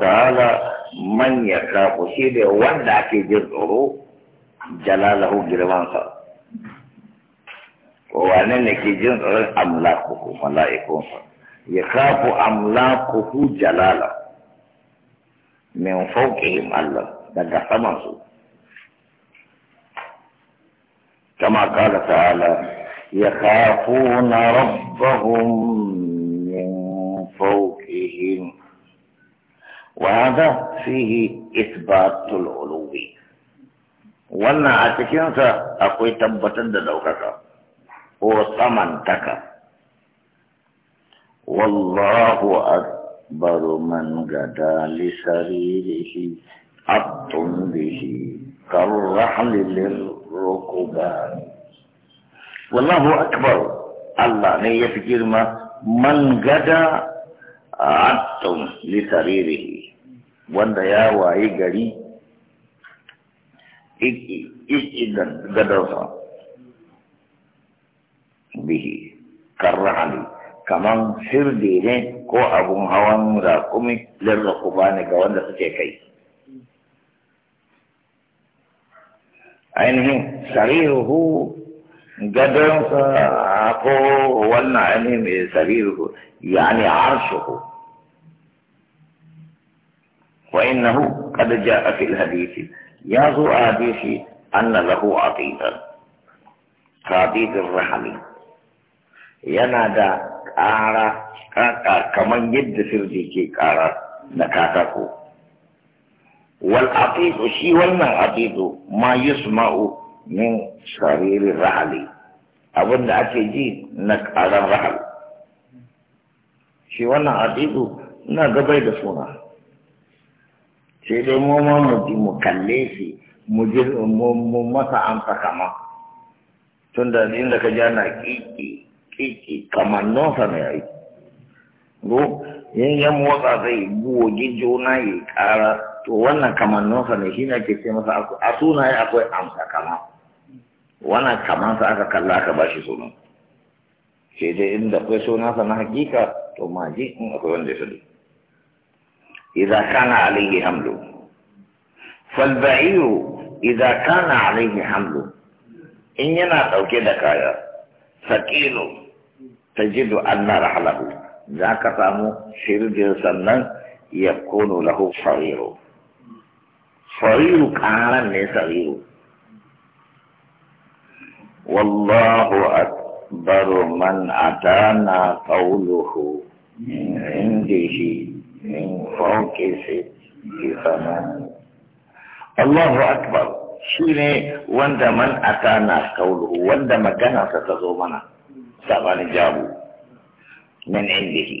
تعالى من يخاف شيء في جزءه جلاله جلوانك وانا كي جزء أملاكه ملائكه يخاف أملاكه جلاله من فوقهم الله daga samansu كما قال تعالى يخافون ربهم من فوقهم وهذا فيه إثبات العلو وانا اتكينسا اكوي تبتن دا دوكاكا او سمن تكا والله أكبر من قدى لسريره عبد به كالرحل للركبان والله أكبر الله نيفجر ما من قدى عبد لسريره wanda ya wayi gari iki gadarsa bihi karrahali kaman sirde ne ko abun hawan raƙumi lirrakuba ne ga wanda suke kai ainihin sariruhu gadarsa ko wannan ainihin sariruhu harshe arshuhu فإنه قد جاء في الحديث يازو حديث أن له عقيدا قابيد الرحم ينادى كارا كمن يد سرجيكي كارا نكاتكو والعقيد شي ولنا عقيد ما يسمع من شرير الرحل أبن أتجي نكارا الرحل شي ولنا عقيد نا gabai سونا sai dai mu ma mu ji mu kalle shi mu ji mu masa an kama tun da inda ka ja na kiki kiki kamar nonsa ne yayi go yin yan motsa zai goge juna ya kara to wannan kamar nonsa ne shine ke ce masa a sunaye akwai amsa kama wannan kamar sa aka kalla aka bashi suna. sai dai inda akwai sunansa na hakika to ma ji in akwai wanda ya sani إذا كان عليه حمل فالبعير إذا كان عليه حمل إن أو كده كايا ثقيل تجد أن رحله ذاك تامو شرد سنن يكون له صغير صغير كان صغير والله أكبر من أتانا قوله من عنده من فوق ست ثمان الله أكبر شيني وند من أتانا قوله وند مكانا ستظومنا سأغاني جابوا من عنده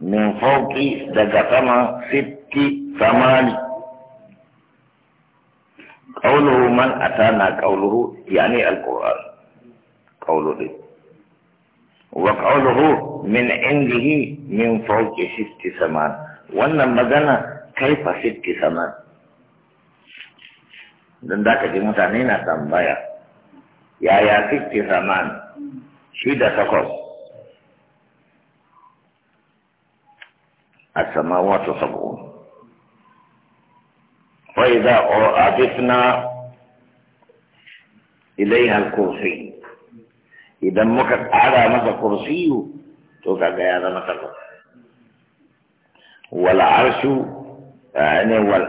من فوق دقتما ست ثمان قوله من أتانا قوله يعني القرآن قوله وقوله من عنده من فوق ست سماء wannan magana kaifa ست سماء dan da ka ji mutane na tambaya yaya ست سماء shida takwas السماوات سبعون وإذا عرفنا إليها الكرسي idan muka ƙara masa kursiyu to kaga ya zama sarfa wal arshu ne wal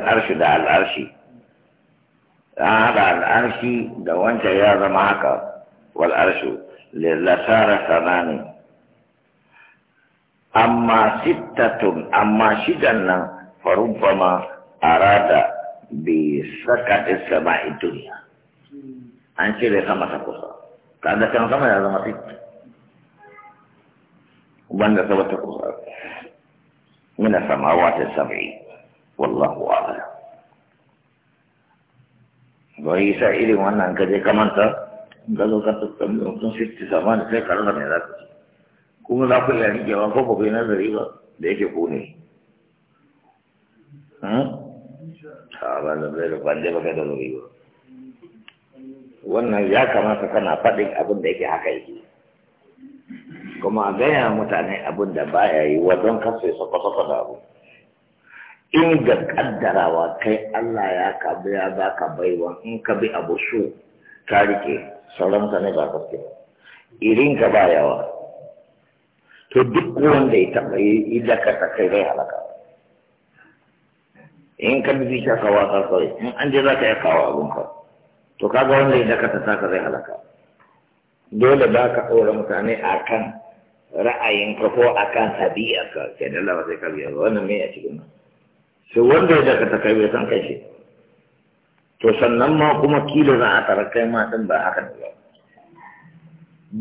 هذا العرش ده وانت يا معك والعرش للسارة ثماني أما ستة أما شدنا فربما أراد بسكة السماء الدنيا أنت لسما تقصى كان ده كان سما يا زما وانا ثبت من السماوات السبع والله أعلم وعيسى إلي وانا كذي كمان تا قالوا كتب كم يمكن ست سمان سي كارو من ذاك كم لا كل يعني جواب فوق بينا ذريبا ليش يكوني ها هذا لبلو بندي بكذا ذريبا wannan ya كمان kana faɗin abin da yake haka yake kuma a gaya mutane abin da ba ya yi wajen kasa sako-sako da abu in ga kaddarawa kai Allah ya kabi ya ba ka baiwa in ka bi abu su ka rike sauranka ne ba ka ce irin ka ba yawa to duk wanda ya taba yi ka ta kai zai halaka in ka bi ka kawa ka kawai in an je za ka yi kawo ka to kaga wanda ya daka ta saka zai halaka dole ba ka ɗora mutane a kan ra'ayinka ko akan tabi'arka ke da lafa sai kabiya ba wannan me a cikin nan sai wanda ya daga ta kai san kai shi to sannan ma kuma kila za a tara kai ma din ba haka ba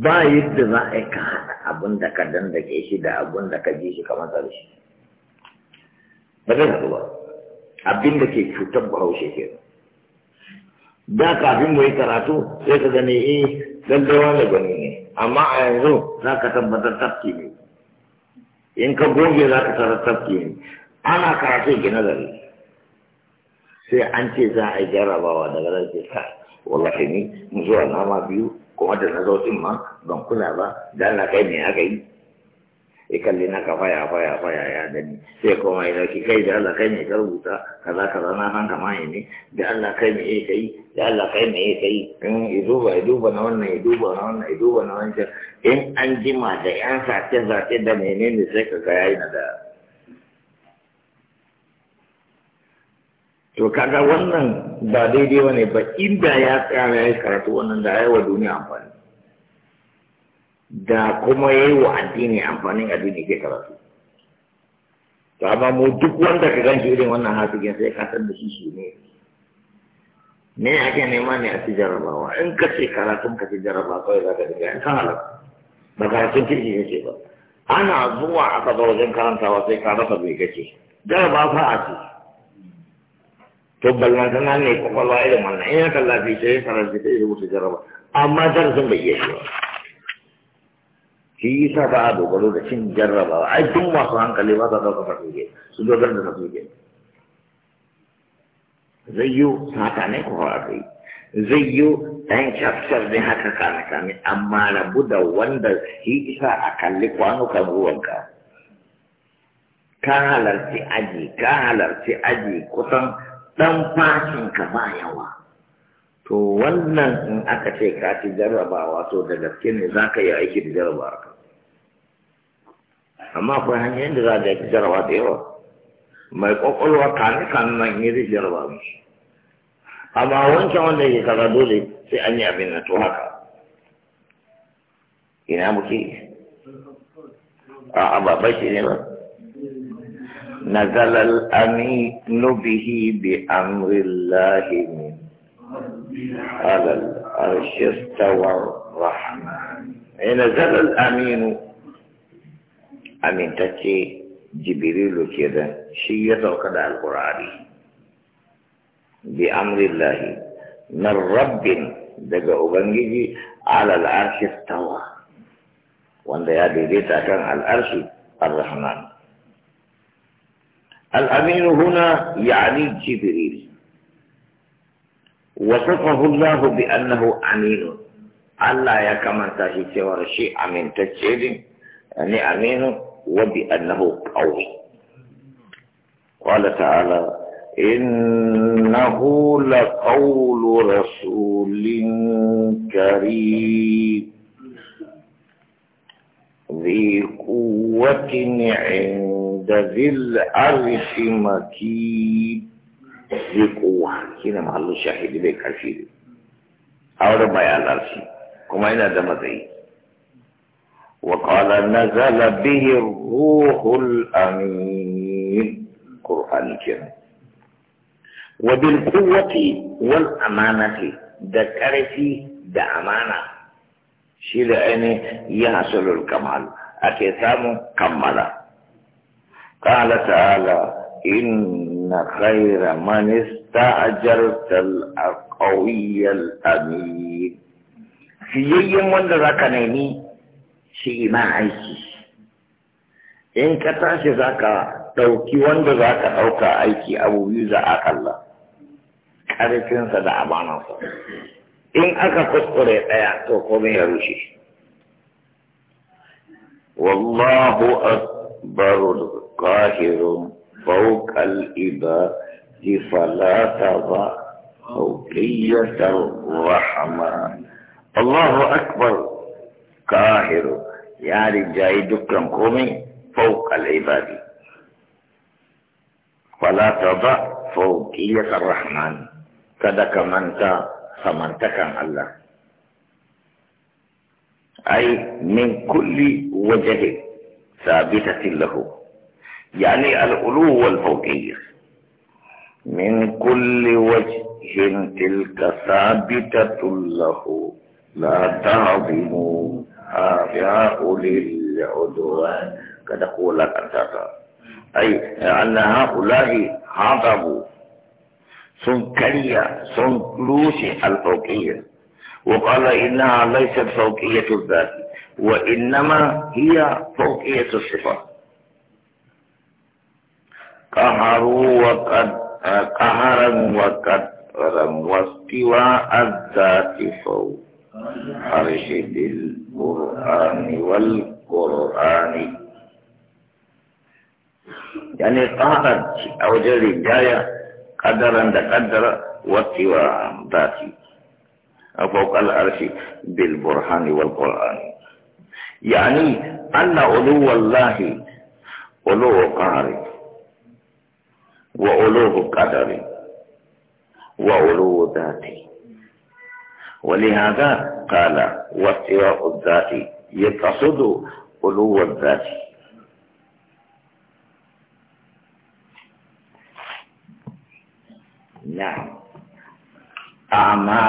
ba yadda za a yi ka haɗa abin da ka dandake shi da abin da ka ji shi kamar tsari shi ba zai haɗu ba abin da ke cutar bahaushe ke da kafin mu yi karatu sai ka gani eh lallai wani gani ne amma a yanzu za ka tabbatar tafki ne in ka goge za ka tara tafki ne ana karatu gina nazari sai an ce za a yi jarabawa daga nan ta wallahi ni zuwa nama biyu kuma da na zo ma ban kula ba da na kai me aka yi ya kalli na kafa ya faya faya ya gani sai kuma ya dauki kai da Allah kai ne ka rubuta kaza kaza na san kama ne da Allah kai ne yake kai da Allah kai ne yake kai in ya duba ya duba na wannan ya duba na wannan ya duba na wancan in an jima da yan sace sace da menene sai ka ga yayi na da to kaga wannan ba daidai bane ba inda ya tsaya ya karatu wannan da yayi wa duniya amfani da kuma ya yi wa addini amfanin addini ke karatu to amma mu duk wanda ka gan irin wannan hafikin sai ka san da shi shi ne ne ake nema ne a cikin jarabawa in ka ce karatu ka ce jarabawa kawai za ka dinga in ka halar ba sun kirki ne ce ba ana zuwa a zo wajen karantawa sai ka rasa bai kace Jaraba fa a ce to ballantana ne kwakwalwa irin wannan in ya kallafi sai ya karanta sai ya rubuta jaraba amma darasin bai iya shi ba shi yasa ba a dogaro da cin jarrabawa ai tun masu hankali ba za ka kafa tuge su dogar da tuge zai yi sata ne ko haka kai zai yi ɗan shafsar ne haka kame kame amma rabu da wanda shi isa a kalli kan ruwanka ka halarci aji ka halarci aji kusan ɗan fashin ka ba yawa to wannan in aka ce ka ci jarrabawa to da gaske ne za ka yi aiki da jarrabawa amma akwai hanyoyin da za a yaki jarawa da yawa mai kwakwalwa kane kan nan yi zai jarawa mishi amma wancan wanda yake kaza dole sai an yi abin na to haka ina muke a'a ba bashi ne ba نزل الأمين به بأمر الله من على الأرش استوى الرحمن نزل الأمين amintacce jibrilu ke da shi ya sauka da alkurari bi amrillahi na rabbin daga ubangiji alal arshi tawa wanda ya daidaita kan al'arshi ar-rahman al-aminu huna ya'ni jibril وصفه الله بأنه أمين الله يا كمان تاشي سوى الشيء أمين تشيرين يعني أمين وبأنه قوي قال تعالى إنه لقول رسول كريم ذي قوة عند ذي العرش مكيد ذي قوة هنا محل الشاهد بيك عرشي أولا ما يعلى عرشي كما هنا دمتين وقال نزل به الروح الأمين قرآن الكريم وبالقوة والأمانة ذكر فيه بأمانة شيل يعني يحصل الكمال أكثام كمالا قال تعالى إن خير من استأجرت القوي الأمين في يوم من ذاك shi ma aiki in ka tashi za ka ɗauki wanda za ka ɗauka aiki abu biyu za a kalla ƙarfinsa da amanansa in aka kuskure ɗaya to komai ya rushe wallahu akbarul qahirun فوق الإباء فلا تضع فوقية الرحمن الله أكبر قاهر يعني rijayi dukkan كومي فوق العباد فلا تضع فوقية الرحمن كدك فمن سمنتك الله أي من كل وجه ثابتة له يعني الألو والفوقية من كل وجه تلك ثابتة له لا تعظمون يا أولي العدوان كذا أقول لك أنت أي أن هؤلاء هضبوا سنكرية سنكروش الفوقية وقال إنها ليست فوقية الذات وإنما هي فوقية الصفات قهروا وقد قهرا وقد استواء الذات فوق أرشد القرآن والقرآن يعني طهرت أو جري جاية قدرا تقدر واتواء ذاتي فوق الأرش بالبرهان والقرآن يعني أن علو الله علو قهر وعلو قدر وعلو ذاتي ولهذا قال واستواء الذات يقصد علو الذات نعم أعمال